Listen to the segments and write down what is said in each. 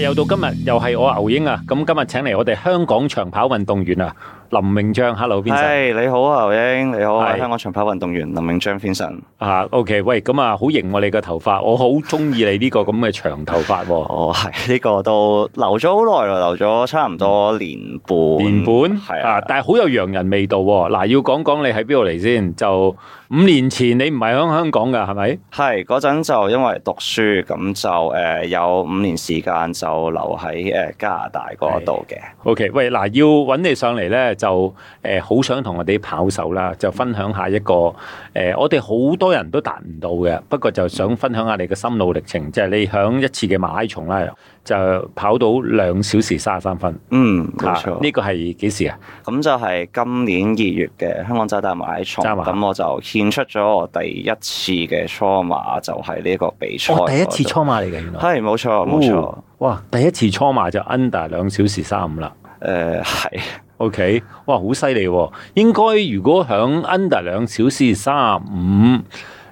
又到今日，又係我牛英啊。咁今日請嚟我哋香港長跑運動員啊。林穎璋 Hello，Vincent。係你好啊，牛英，你好啊，是香港長跑運動員林穎璋 Vincent 啊，OK，喂，咁啊，好型喎你個頭髮，我好中意你呢個咁嘅長頭髮。 哦，係呢、這個都留咗好耐咯，留咗差唔多年半。年半係啊，啊但係好有洋人味道、啊。嗱、啊，要講講你喺邊度嚟先，就五年前你唔係喺香港噶，係咪？係嗰陣就因為讀書，咁就誒、呃、有五年時間就留喺誒加拿大嗰度嘅。OK，喂，嗱，要揾你上嚟咧。就誒好、呃、想同我哋跑手啦，就分享一下一個誒、呃，我哋好多人都達唔到嘅，不過就想分享下你嘅心路歷程，即、就、係、是、你響一次嘅馬拉松啦，就跑到兩小時三十三分。嗯，冇錯，呢個係幾時啊？咁、這個嗯、就係、是、今年二月嘅香港渣打馬拉松。咁我就獻出咗我第一次嘅初馬，就係呢個比賽。我、哦、第一次初馬嚟嘅，原來係冇錯冇錯、哦。哇，第一次初馬就 under 兩小時三五啦。誒、嗯，係。O、okay. K，哇，好犀利喎！應該如果響 under 兩小時三五、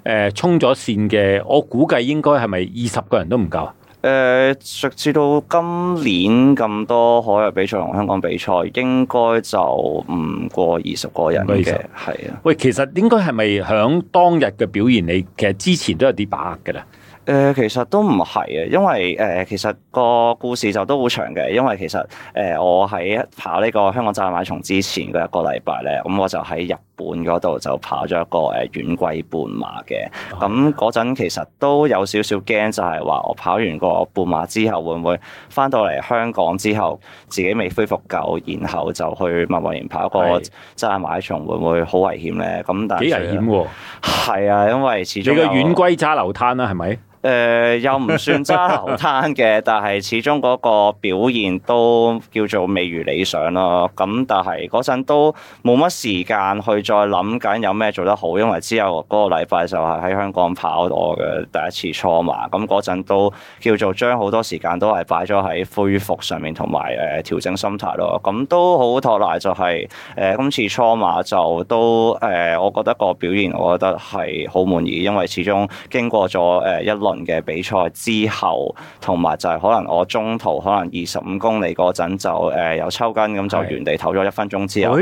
呃，誒衝咗線嘅，我估計應該係咪二十個人都唔夠啊？誒、呃，直至到今年咁多海外比賽同香港比賽，應該就唔過二十個人嘅，係啊 20. 的。喂，其實應該係咪響當日嘅表現？你其實之前都有啲把握嘅啦。誒、呃、其實都唔係嘅，因為誒、呃、其實個故事就都好長嘅，因為其實誒、呃、我喺跑呢個香港渣馬從之前嘅一個禮拜咧，咁、嗯、我就喺日本嗰度就跑咗一個誒遠貴半馬嘅。咁嗰陣其實都有少少驚，就係話我跑完個半馬之後會唔會翻到嚟香港之後自己未恢復夠，然後就去默默然跑個渣馬從會唔會好危險咧？咁、嗯、但係幾危險喎？係啊，因為始終你嘅遠貴渣流灘啦，係咪？誒、呃、又唔算揸流灘嘅， 但係始終嗰個表現都叫做未如理想咯。咁但係嗰陣都冇乜時間去再諗緊有咩做得好，因為之後嗰個禮拜就係喺香港跑我嘅第一次初馬，咁嗰陣都叫做將好多時間都係擺咗喺恢復上面同埋誒調整心態咯。咁、嗯、都好托賴就係誒今次初馬就都誒、呃、我覺得個表現我覺得係好滿意，因為始終經過咗誒、呃、一輪嘅比賽之後同埋就係可能我中途可能二十五公里陣就誒有抽筋，咁就原地唞咗一分鐘之後，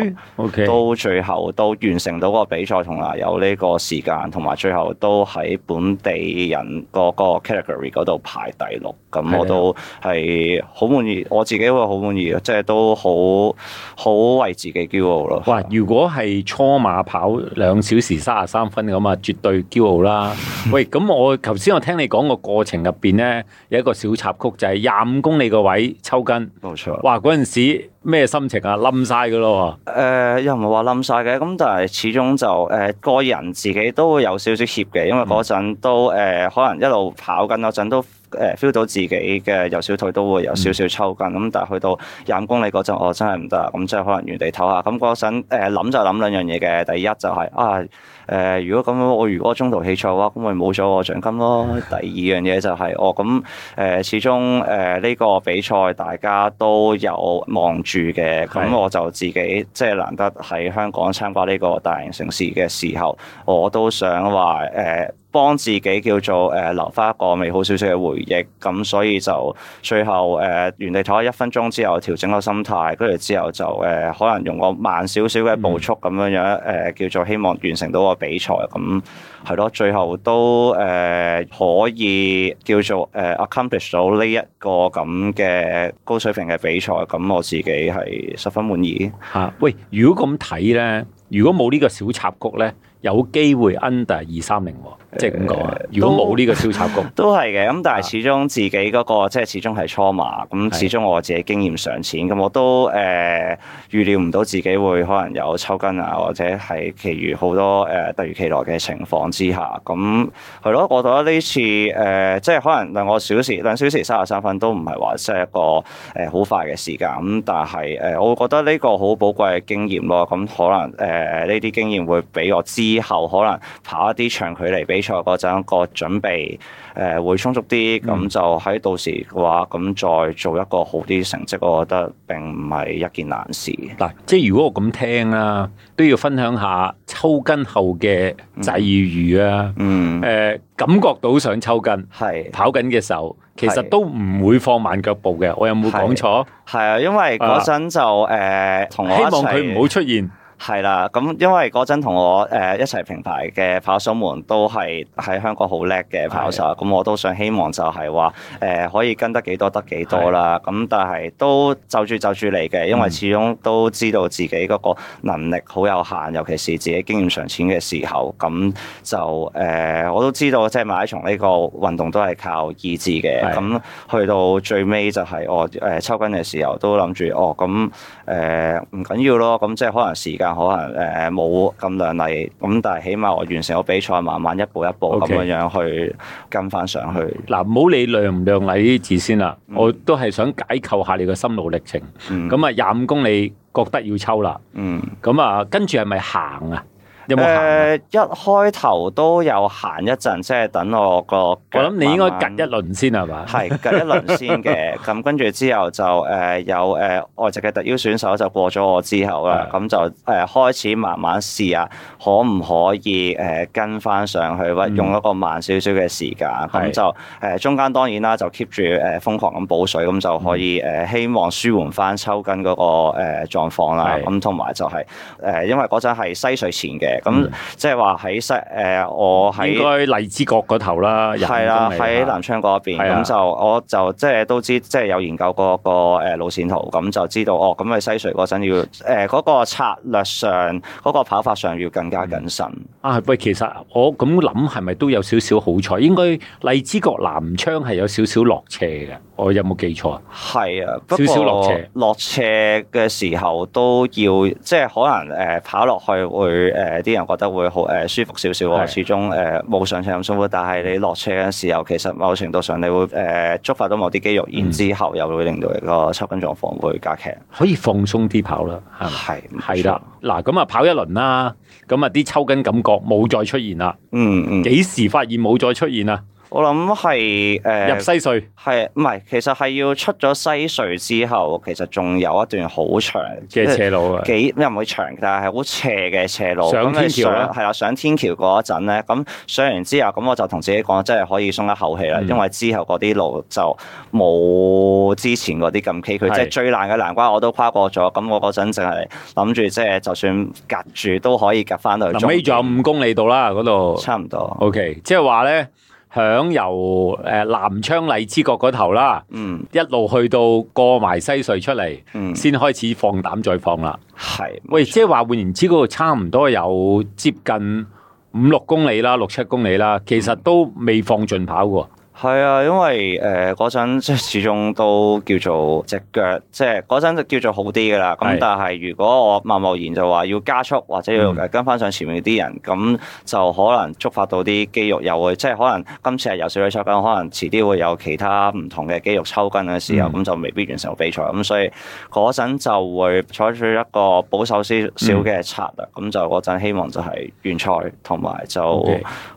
都最後都完成到個比賽，同埋有呢個時間，同埋最後都喺本地人個個 category 度排第六，咁我都係好滿意，我自己話，好滿意，即係都好好為自己驕傲咯。哇！如果係初馬跑兩小時三十三分咁啊，絕對驕傲啦。 喂，咁 我頭先我聽。你講個過程入邊呢，有一個小插曲，就係廿五公里個位抽筋。冇錯，哇！嗰陣時咩心情啊？冧晒㗎咯喎。誒，又唔係話冧晒嘅，咁但係始終就誒、呃、個人自己都會有少少怯嘅，因為嗰陣都誒、呃、可能一路跑緊嗰陣都誒 feel、呃、到自己嘅右小腿都會有少少抽筋。咁、嗯、但係去到廿五公里嗰陣，我、哦、真係唔得，咁即係可能原地唞下。咁嗰陣誒諗就諗兩樣嘢嘅，第一就係、是、啊。誒，如果咁樣，我如果中途棄賽嘅話，咁咪冇咗我獎金咯。 第二樣嘢就係我咁誒，始終誒呢個比賽大家都有望住嘅，咁 我就自己即係難得喺香港參加呢個大型城市嘅時候，我都想話誒、呃、幫自己叫做誒、呃、留翻一個美好少少嘅回憶。咁所以就最後誒、呃、原地坐咗一分鐘之後調整個心態，跟住之後就誒、呃、可能用個慢少少嘅步速咁樣樣誒、呃、叫做希望完成到我比賽咁係咯，最後都誒、呃、可以叫做誒、呃、accomplish 到呢一個咁嘅高水平嘅比賽，咁我自己係十分滿意嚇、啊。喂，如果咁睇咧，如果冇呢個小插曲咧？有機會 under 二三零喎，即係咁講。如果冇呢個超炒局，都係嘅。咁但係始終自己嗰、那個、啊、即係始終係初馬，咁始終我自己經驗尚淺，咁的我都誒預料唔到自己會可能有抽筋啊，或者係其餘好多誒突、呃、如其來嘅情況之下，咁係咯。我覺得呢次誒、呃、即係可能兩個小時兩小時三十三分都唔係話即係一個誒好快嘅時間。咁但係誒、呃、我覺得呢個好寶貴嘅經驗咯。咁可能誒呢啲經驗會俾我知。以後可能跑一啲長距離比賽嗰陣，個準備誒、呃、會充足啲，咁就喺到時嘅話，咁再做一個好啲成績，我覺得並唔係一件難事。嗱、嗯，即係如果我咁聽啦、啊，都要分享下抽筋後嘅際遇啊嗯。嗯，誒、呃，感覺到想抽筋，係是跑緊嘅時候，其實都唔會放慢腳步嘅。我有冇講錯？係啊，因為嗰陣就誒，呃、希望佢唔好出現。係啦，咁因為嗰陣同我誒、呃、一齊平排嘅跑手們都係喺香港好叻嘅跑手，咁的我都想希望就係話誒可以跟得幾多得幾多啦。咁的但係都就住就住嚟嘅，因為始終都知道自己個能力好有限，尤其是自己經驗尚淺嘅時候。咁就誒、呃、我都知道，即係馬拉松呢個運動都係靠意志嘅。咁的去到最尾就係我誒抽筋嘅時候都，都諗住哦咁誒唔緊要咯。咁即係可能時間。可能誒冇咁靚麗，咁、呃、但係起碼我完成個比賽，慢慢一步一步咁樣 Okay. 樣去跟翻上去。嗱，唔好理靚唔靚麗呢啲字先啦，量量先嗯、我都係想解構下你個心路歷程。咁啊、嗯，廿五公里覺得要抽啦。嗯，咁啊，跟住係咪行啊？誒、呃、一開頭都有行一陣，即係等我個我諗你應該近慢一輪先係嘛？係近一輪先嘅。咁 跟住之後就誒有誒外籍嘅特邀選手就過咗我之後啦。咁是的 就誒、呃、開始慢慢試下可唔可以誒、呃、跟翻上去或用一個慢少少嘅時間，咁、嗯嗯、就誒、呃、中間當然啦，就 keep 住誒瘋狂咁補水，咁就可以誒、呃、希望舒緩翻抽筋嗰個誒、呃呃、狀況、狀況啦。咁同埋就係、是、誒、呃、因為嗰陣係西睡的前嘅。咁、嗯、即係話喺西誒，我喺應該荔枝角嗰頭啦，係啦，喺南昌嗰邊，咁就、啊、我就即係都知，即係有研究過個誒路線圖，咁就知道哦。咁喺西隧嗰陣要誒，嗰、呃嗰個策略上，嗰、嗰個跑法上要更加謹慎、嗯啊。喂，其實我咁諗係咪都有少少好彩？應該荔枝角南昌係有少少落斜嘅。我有冇記錯啊？係啊，少少落斜。落斜嘅時候都要，即係可能誒、呃、跑落去會誒啲、呃、人覺得會好誒、呃、舒服少少、啊、始終誒冇、呃、上斜咁舒服，但係你落斜嘅時候，其實某程度上你會誒、呃、觸發到某啲肌肉，嗯、然之後又會令到你個抽筋狀況會加劇。可以放鬆啲跑啦，係係啦。嗱咁啊，跑一輪啦，咁啊啲抽筋感覺冇再出現啦、嗯。嗯嗯，幾時發現冇再出現啊？我諗係誒入西隧係唔係？其實係要出咗西隧之後，其實仲有一段好長嘅斜路啊！幾又唔會長，但係好斜嘅斜路上、啊嗯。上天橋啦，係啊！上天橋嗰陣咧，咁上完之後，咁我就同自己講，真係可以鬆一口氣啦，嗯、因為之後嗰啲路就冇之前嗰啲咁崎嶇，是即係最難嘅難關我都跨過咗。咁我嗰陣淨係諗住，即係就算夾住都可以夾翻去，臨尾仲有五公里度啦，嗰度差唔多。OK，即係話咧。響由誒南昌荔枝角嗰頭啦，嗯，一路去到過埋西隧出嚟，嗯，先開始放膽再放啦。係是，喂錯，即係話換言之，嗰度差唔多有接近五六公里啦，六七公里啦，其實都未放盡跑嘅喎。嗯嗯。係啊，因為誒嗰陣即係始終都叫做隻腳，即係嗰陣就叫做好啲噶啦。咁的但係如果我貿貿然就話要加速或者要跟翻上前面啲人，咁、嗯、就可能觸發到啲肌肉又會，即係可能今次係有小腿抽筋，可能遲啲會有其他唔同嘅肌肉抽筋嘅時候，咁、嗯、就未必完成個比賽。咁所以嗰陣就會採取一個保守少少嘅策略。咁、嗯、就嗰陣希望就係完賽同埋就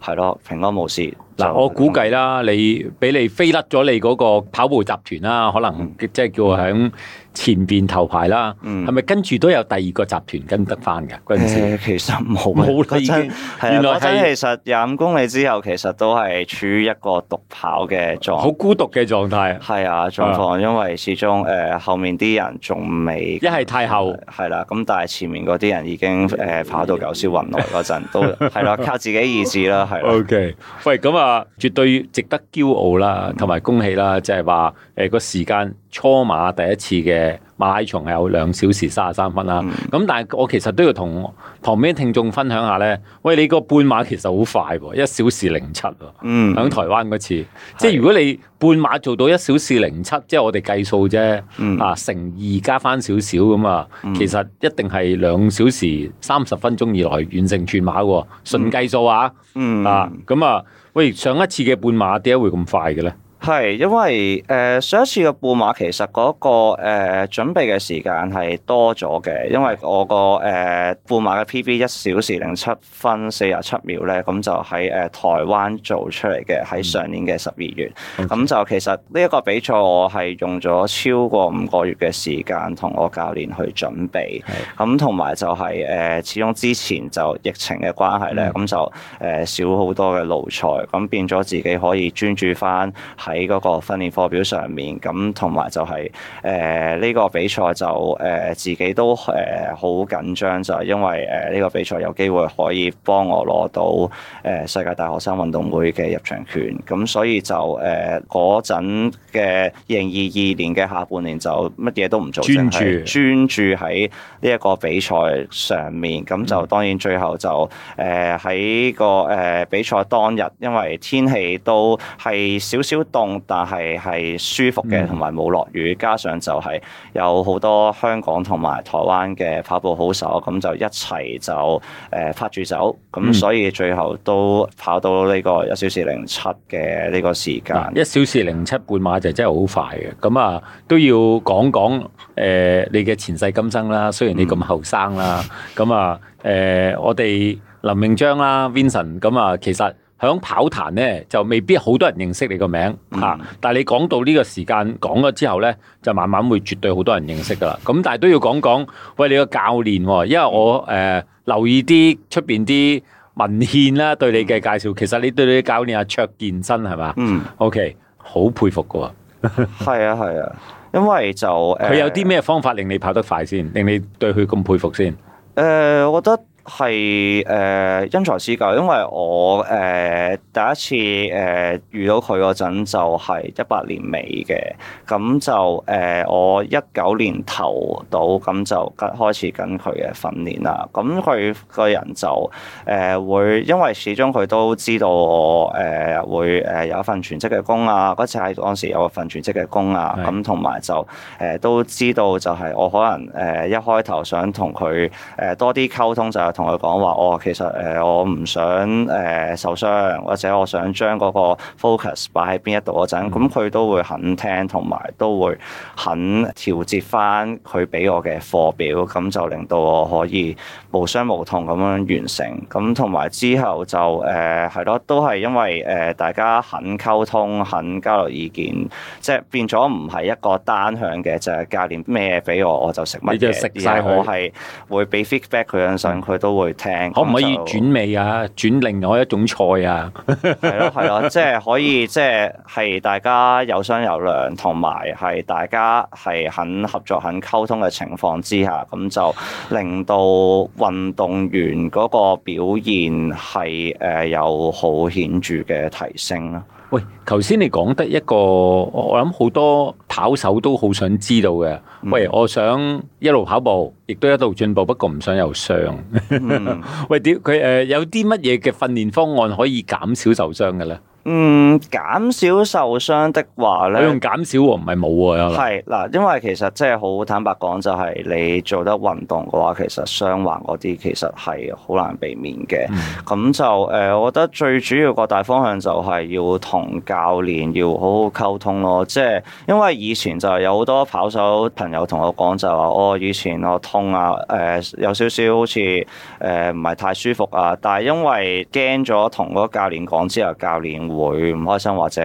係咯 Okay. 平安無事。嗱，我估計啦，你俾你飛甩咗你嗰個跑步集團啦，可能即係叫響，嗯嗯前邊頭排啦，係咪、嗯、跟住都有第二個集團跟得翻㗎？誒，其實冇冇，原來係其實廿五公里之後，其實都係處於一個獨跑嘅狀，好孤獨嘅狀態。係啊，狀況，因為始終誒、uh, 後面啲人仲未，一係太後，係啦。咁但係前面嗰啲人已經誒跑到九霄雲外嗰陣， 都係啦，靠自己意志啦，係 OK，喂，咁啊，絕對值得驕傲啦，同埋恭喜啦，即係話誒個時間初馬第一次嘅。馬拉松係有兩小時三十三分啦，咁、嗯、但係我其實都要同旁邊聽眾分享下咧。喂，你個半馬其實好快喎，一小時零七喎。嗯，喺台灣嗰次，是的 即係如果你半馬做到一小時零七，即係我哋計數啫，啊，乘二加翻少少咁啊，其實一定係兩小時三十分鐘以內完成全馬嘅，純計數啊。嗯，啊、嗯，咁啊，喂，上一次嘅半馬點解會咁快嘅咧？係因為誒、呃、上一次嘅半馬其實嗰、那個誒、呃、準備嘅時間係多咗嘅，因為我個誒半馬嘅 PB 一小時零七分四十七秒咧，咁就喺誒、呃、台灣做出嚟嘅，喺上年嘅十二月。咁、嗯、就其實呢一個比賽我係用咗超過五個月嘅時間同我教練去準備，咁同埋就係、是、誒、呃、始終之前就疫情嘅關係咧，咁、嗯、就誒、呃、少好多嘅路賽，咁變咗自己可以專注翻喺。喺嗰個訓練課表上面，咁同埋就係誒呢個比賽就誒、呃、自己都誒好緊張，就係、是、因為誒呢、呃這個比賽有機會可以幫我攞到誒、呃、世界大學生運動會嘅入場權，咁所以就誒嗰陣嘅二零二二年嘅下半年就乜嘢都唔做，專注專注喺呢一個比賽上面，咁就當然最後就誒喺、呃這個誒、呃、比賽當日，因為天氣都係少少凍。但係係舒服嘅，同埋冇落雨，加上就係有好多香港同埋台灣嘅跑步好手，咁就一齊就誒拍住走，咁所以最後都跑到呢個一小時零七嘅呢個時間。一、嗯、小時零七半馬就真係好快嘅，咁啊都要講講誒你嘅前世今生啦。雖然你咁後生啦，咁 啊誒、呃、我哋林穎璋啦 Vincent，咁啊其實。喺跑壇咧就未必好多人認識你個名吓、嗯啊，但係你講到呢個時間講咗之後咧，就慢慢會絕對好多人認識噶啦。咁但係都要講講，喂你個教練、哦，因為我誒、呃、留意啲出邊啲文獻啦、啊，對你嘅介紹，嗯、其實你對你啲教練阿、啊、卓健身係嘛？嗯，OK，好佩服噶、哦，係 啊係啊，因為就佢、呃、有啲咩方法令你跑得快先，令你對佢咁佩服先？誒、呃，我覺得。係誒因材施教，因為我誒、呃、第一次誒、呃、遇到佢嗰陣就係一八年尾嘅，咁就誒、呃、我一九年頭到，咁就開始跟佢嘅訓練啦。咁佢個人就誒會、呃、因為始終佢都知道我誒、呃、會誒有一份全職嘅工啊，嗰次喺當時有一份全職嘅工啊，咁同埋就誒、呃、都知道就係我可能誒、呃、一開頭想同佢誒多啲溝通就。同佢講話，哦，其實誒、呃、我唔想誒、呃、受傷，或者我想將嗰個 focus 擺喺邊一度嗰陣，咁佢、嗯、都會肯聽同埋都會肯調節翻佢俾我嘅課表，咁就令到我可以無傷無痛咁樣完成。咁同埋之後就誒係咯，都係因為誒、呃、大家肯溝通、肯交流意見，即係變咗唔係一個單向嘅，就係、是、教練咩嘢俾我，我就食乜嘢，食晒我係會俾 feedback 佢樣上佢。都會聽，可唔可以轉味啊？轉另外一種菜啊？係 咯，係咯，即係可以，即係大家有商有量，同埋係大家係肯合作、肯溝通嘅情況之下，咁就令到運動員嗰個表現係誒有好顯著嘅提升啦。喂，頭先你講得一個，我我諗好多跑手都好想知道嘅。嗯、喂，我想一路跑步，亦都一路進步，不過唔想有傷。嗯、呵呵喂，點佢誒，有啲乜嘢嘅訓練方案可以減少受傷嘅咧？嗯，減少受傷的話咧，我用減少喎、哦，唔係冇喎。係嗱，因為其實即係好坦白講，就係你做得運動嘅話，其實傷患嗰啲其實係好難避免嘅。咁、嗯、就誒、呃，我覺得最主要個大方向就係要同教練要好好溝通咯。即係因為以前就係有好多跑手朋友同我講就話，哦，以前我痛啊，誒、呃、有少少好似誒唔係太舒服啊，但係因為驚咗同嗰個教練講之後，教練，會唔開心或者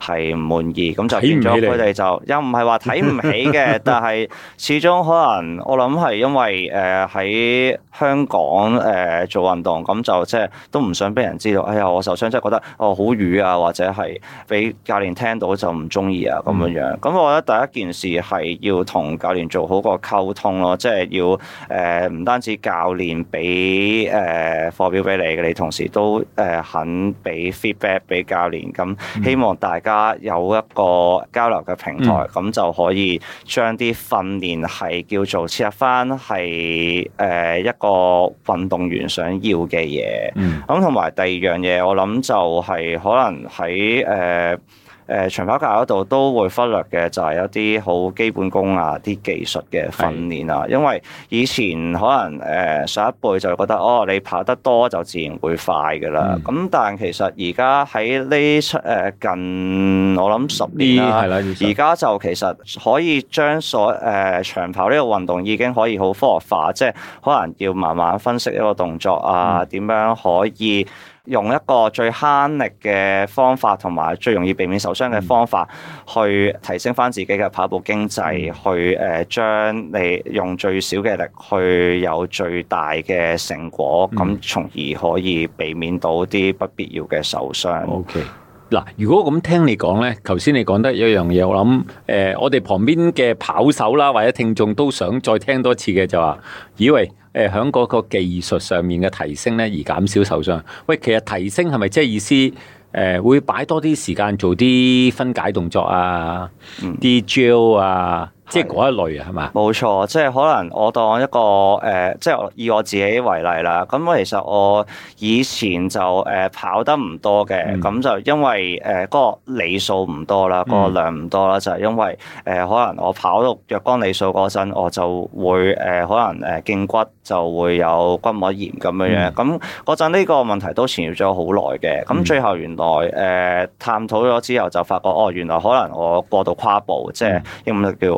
係唔滿意，咁、嗯、就變咗佢哋就又唔係話睇唔起嘅， 但係始終可能我諗係因為誒喺、呃、香港誒、呃、做運動，咁就即係都唔想俾人知道，哎呀我受傷，即係覺得哦、呃、好瘀啊，或者係俾教練聽到就唔中意啊咁樣、嗯、樣，咁我覺得第一件事係要同教練做好個溝通咯，即係要誒唔、呃、單止教練俾誒課表俾你嘅，你同時都誒肯俾 feedback 俾。教練咁，嗯、希望大家有一個交流嘅平台，咁、嗯、就可以將啲訓練係叫做切入翻係誒一個運動員想要嘅嘢。咁同埋第二樣嘢，我諗就係可能喺誒。呃誒、呃、長跑界嗰度都會忽略嘅，就係、是、一啲好基本功啊、啲技術嘅訓練啊。是因為以前可能誒、呃、上一輩就覺得，哦你跑得多就自然會快㗎喇。咁、嗯、但其實而家喺呢出誒近我諗十年、啊，係啦，而家就其實可以將所誒、呃、長跑呢個運動已經可以好科學化，即、就、係、是、可能要慢慢分析一個動作啊，點、嗯、樣可以。用一個最慳力嘅方法，同埋最容易避免受傷嘅方法，去提升翻自己嘅跑步經濟，嗯、去誒，將你用最少嘅力去有最大嘅成果，咁、嗯、從而可以避免到啲不必要嘅受傷。OK，嗱，如果咁聽你講呢，頭先你講得一樣嘢，我諗誒、呃，我哋旁邊嘅跑手啦，或者聽眾都想再聽多次嘅就話，以為。誒喺嗰個技術上面嘅提升咧，而減少受傷。喂，其實提升係咪即係意思誒、呃、會擺多啲時間做啲分解動作啊、嗯、drill 啊？即係嗰一類啊，係嘛？冇錯，即係可能我當一個誒、呃，即係以我自己為例啦。咁其實我以前就誒、呃、跑得唔多嘅，咁、嗯、就因為誒、呃個里數唔多啦，個量唔多啦，嗯、就係因為誒、呃、可能我跑到若干里數嗰陣，我就會誒、呃、可能誒脛骨就會有骨膜炎咁樣樣。咁嗰陣呢個問題都纏繞咗好耐嘅。咁最後原來誒、呃、探討咗之後，就發覺哦，原來可能我過度跨步，即係英文叫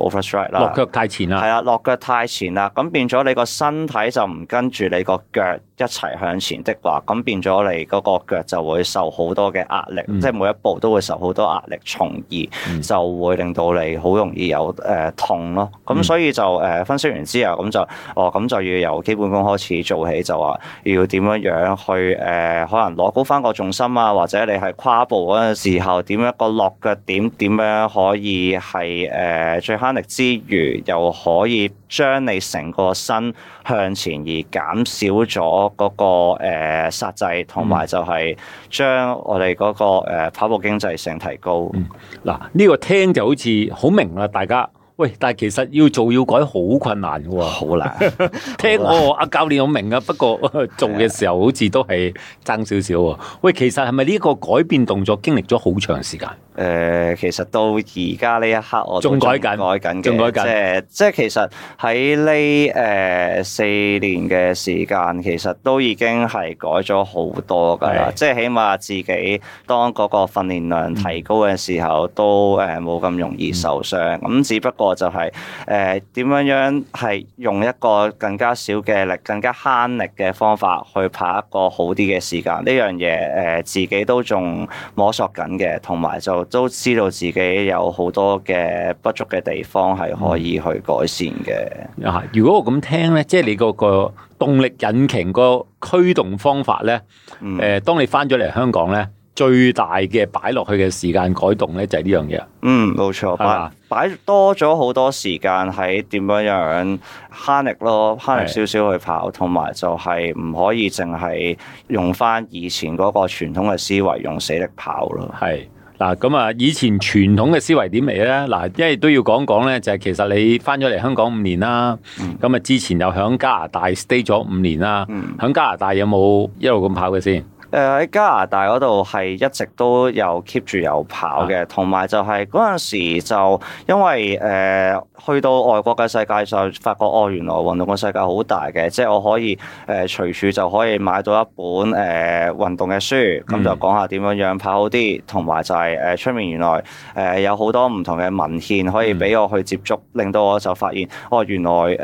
落腳太前啦，係啊，落腳太前啦，咁變咗你個身體就唔跟住你個腳一齊向前的話，咁變咗你嗰個腳就會受好多嘅壓力，嗯、即係每一步都會受好多壓力，從而就會令到你好容易有誒、呃、痛咯。咁所以就誒、呃、分析完之後，咁就哦咁就要由基本功開始做起，就話要點樣樣去誒、呃，可能攞高翻個重心啊，或者你係跨步嗰陣時候點樣個落腳點，點樣可以係誒、呃、最慳力。之餘，又可以將你成個身向前而減少咗嗰、那個誒剎、呃、制，同埋就係將我哋嗰、那個、呃、跑步經濟性提高。嗱、嗯，呢、這個聽就好似好明啦，大家。喂，但係其實要做要改好困難噶喎，好難。 聽我阿難教練好明啊，不過做嘅時候好似都係爭少少喎。喂，其實係咪呢個改變動作經歷咗好長時間？誒、呃，其實到而家呢一刻我仲改緊，改緊，仲改緊。即係、即係即係、其實喺呢誒四年嘅時間，其實都已經係改咗好多噶啦。即係是起碼自己當嗰個訓練量提高嘅時候，嗯、都誒冇咁容易受傷。咁、嗯、只不過。就係誒點樣樣係用一個更加少嘅力、更加慳力嘅方法去跑一個好啲嘅時間。呢樣嘢誒自己都仲摸索緊嘅，同埋就都知道自己有好多嘅不足嘅地方係可以去改善嘅。啊、嗯，如果我咁聽咧，即、就、係、是、你嗰、那個那個動力引擎個驅動方法咧，誒、呃，當你翻咗嚟香港咧？最大嘅擺落去嘅時間改動咧，就係、是、呢樣嘢。嗯，冇錯。吧擺擺多咗好多時間喺點樣樣慳力咯，慳力少少去跑，同埋是就係唔可以淨係用翻以前嗰個傳統嘅思維，用死力跑咯。係嗱，咁啊，以前傳統嘅思維點嚟咧？嗱，因為都要講講咧，就係、是、其實你翻咗嚟香港五年啦，咁啊、嗯，之前又喺加拿大 stay 咗五年啦，喺、嗯、加拿大有冇一路咁跑嘅先？誒喺、呃、加拿大嗰度係一直都有 keep 住有跑嘅，同埋、啊、就係嗰陣時就因為誒、呃、去到外國嘅世界上，發覺哦原來運動嘅世界好大嘅，即係我可以誒、呃、隨處就可以買到一本誒、呃、運動嘅書，咁就講下點樣樣跑好啲，同埋、嗯、就係誒出面原來誒、呃、有好多唔同嘅文獻可以俾我去接觸，嗯、令到我就發現哦原來誒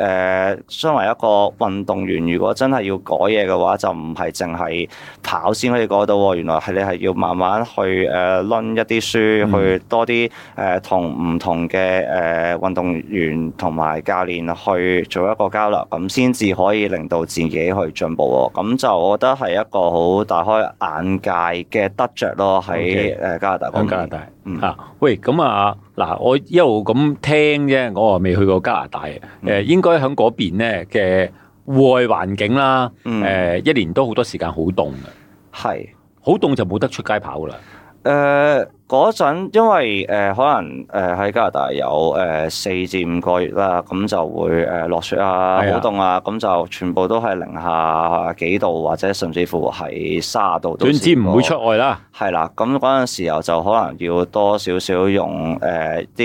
身、呃、為一個運動員，如果真係要改嘢嘅話，就唔係淨係跑。先可以講到原來係你係要慢慢去誒一啲書，呃嗯、去多啲誒、呃、同唔同嘅誒運動員同埋教練去做一個交流，咁先至可以令到自己去進步喎。咁就我覺得係一個好大開眼界嘅得着咯，喺誒加拿大講 Okay,、嗯、加拿大嚇。嗯、喂，咁啊嗱，我一路咁聽啫，我話未去過加拿大嘅，誒、呃、應該喺嗰邊咧嘅戶外環境啦，誒、呃嗯、一年都好多時間好凍嘅。係，好凍是就冇得出街跑噶啦。誒、uh。嗰陣，因為誒、呃、可能誒喺加拿大有誒四至五個月啦，咁就會誒、呃、落雪啊，好凍啊，咁的就全部都係零下幾度或者甚至乎係卅度時。總之唔會出外啦。係啦，咁嗰陣時候就可能要多少少用誒啲、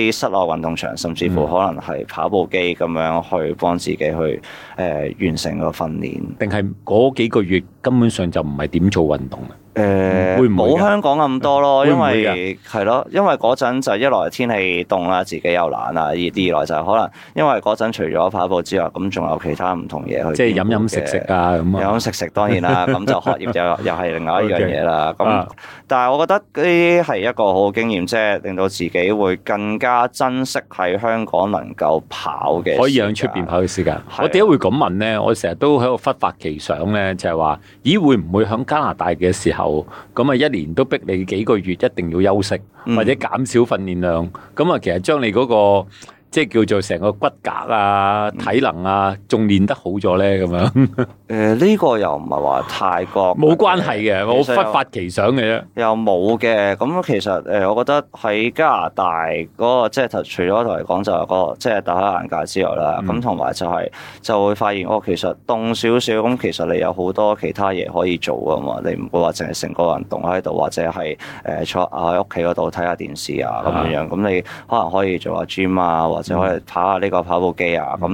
呃、室內運動場，甚至乎可能係跑步機咁樣去幫自己去誒、呃、完成個訓練。定係嗰幾個月根本上就唔係點做運動？誒，冇、呃、會會香港咁多咯，因為係咯，因為嗰陣就一來天氣凍啦，自己又懶啦；二二來就可能因為嗰陣除咗跑步之外，咁仲有其他唔同嘢去。即係飲飲食食啊，咁飲飲食食當然啦，咁 就學業又又係另外一樣嘢啦。咁，但係我覺得呢係一個好經驗，即係令到自己會更加珍惜喺香港能夠跑嘅。可以喺出邊跑嘅時間。時間的我點解會咁問咧？我成日都喺度忽發奇想咧，就係話：咦，會唔會喺加拿大嘅時候？咁啊，一年都逼你幾個月一定要休息，或者減少訓練量。咁啊，其實將你嗰個。即係叫做成個骨骼啊、嗯、體能啊，仲練得好咗咧咁樣。誒 呢、呃這個又唔係話太過冇關係嘅，我忽發奇想嘅啫。又冇嘅咁，其實誒、呃，我覺得喺加拿大嗰、那個即係除咗同你講就係、那個即係打開眼界之外啦，咁同埋就係、是、就會發現，哦，其實凍少少咁，其實你有好多其他嘢可以做噶嘛。你唔會話淨係成個人凍喺度，或者係誒、呃、坐喺屋企嗰度睇下電視啊咁樣。咁你可能可以做下 gym 啊。嗯或者可以跑下呢個跑步機啊，咁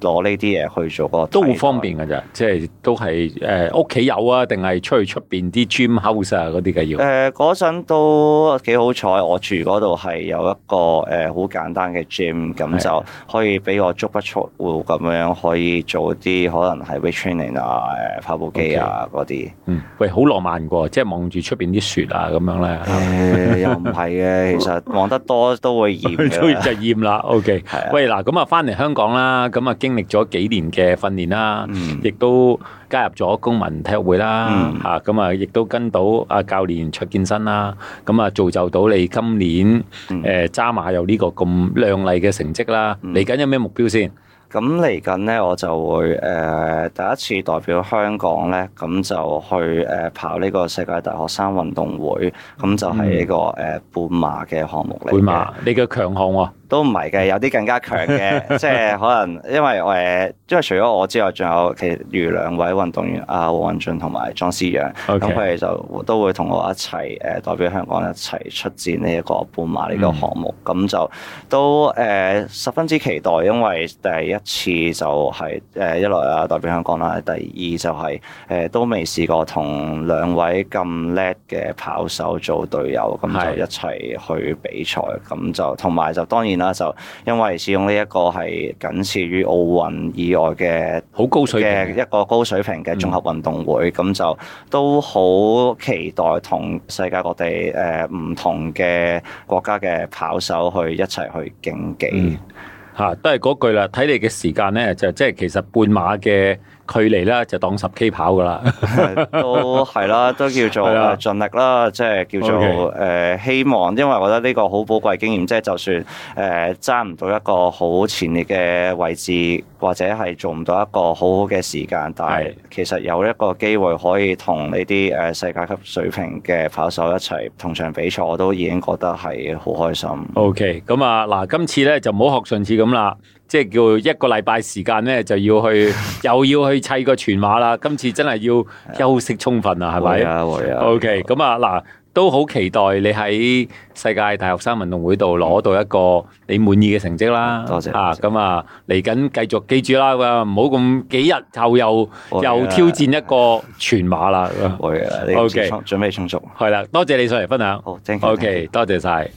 攞呢啲嘢去做個都好方便嘅咋，即係都係誒屋企有啊，定係出去出邊啲 gym house 啊嗰啲嘅要，誒嗰陣都幾好彩，我住嗰度係有一個誒好、呃、簡單嘅 gym，咁就可以俾我足不出戶咁樣可以做啲可能係 weight training 啊、誒跑步機啊嗰啲。Okay. 些嗯，喂，好浪漫喎，啊，即係望住出邊啲雪啊咁樣咧。誒、呃，又唔係嘅， 其實望得多都會厭嘅， 就厭啦。Okay. Okay. 的喂，嗱咁啊，翻嚟香港啦，咁啊，經歷咗幾年嘅訓練啦，亦都、嗯、加入咗公民體育會啦，吓咁、嗯、啊，亦都跟到阿教練出健身啦，咁啊，造就到你今年誒，渣、嗯呃、馬有呢個咁靚麗嘅成績啦。嚟緊、嗯、有咩目標先？咁嚟緊呢，我就會誒、呃，第一次代表香港呢，咁就去誒跑呢個世界大學生運動會，咁就係呢個誒半馬嘅項目嚟嘅。半馬、嗯，你嘅強項、啊。都唔係嘅，有啲更加強嘅，即係可能因為誒因為除咗我之外，仲有其餘兩位運動員啊，黃俊同埋莊思陽，咁佢哋就都會同我一齊誒、呃、代表香港一齊出戰呢一個半馬呢個項目，咁、嗯、就都誒、呃、十分之期待，因為第一次就係、是、誒、呃、一來啊代表香港啦，第二就係、是、誒、呃、都未試過同兩位咁叻嘅跑手做隊友，咁就一齊去比賽，咁是就同埋就當然。就因為始終呢一個係僅次於奧運以外嘅好高水平一個高水平嘅綜合運動會，咁、嗯、就都好期待同世界各地誒唔同嘅國家嘅跑手去一齊去競技嚇、嗯，都係嗰句啦，睇你嘅時間呢，就即、是、係其實半馬嘅。距離呢就當十 K 跑噶 啦，都係啦，都叫做盡力啦，即係的叫做誒 Okay.、呃、希望，因為我覺得呢個好寶貴經驗，即、就、係、是、就算誒爭唔到一個好前列嘅位置，或者係做唔到一個好好嘅時間，但係的其實有一個機會可以同呢啲誒世界級水平嘅跑手一齊同場比賽，我都已經覺得係好開心。O K，咁啊嗱，今次呢就唔好學上次咁啦。即係叫一個禮拜時間咧，就要去又要去砌個全馬啦。今次真係要休息充分啦，係咪？會啊，會啊。OK，咁啊嗱，都好期待你喺世界大學生運動會度攞到一個你滿意嘅成績啦。多謝啊，咁啊，嚟緊繼續，記住啦，唔好咁幾日後又又挑戰一個全馬啦。會啊，OK，準備充足。係啦，多謝你上嚟分享。好，OK，多謝晒。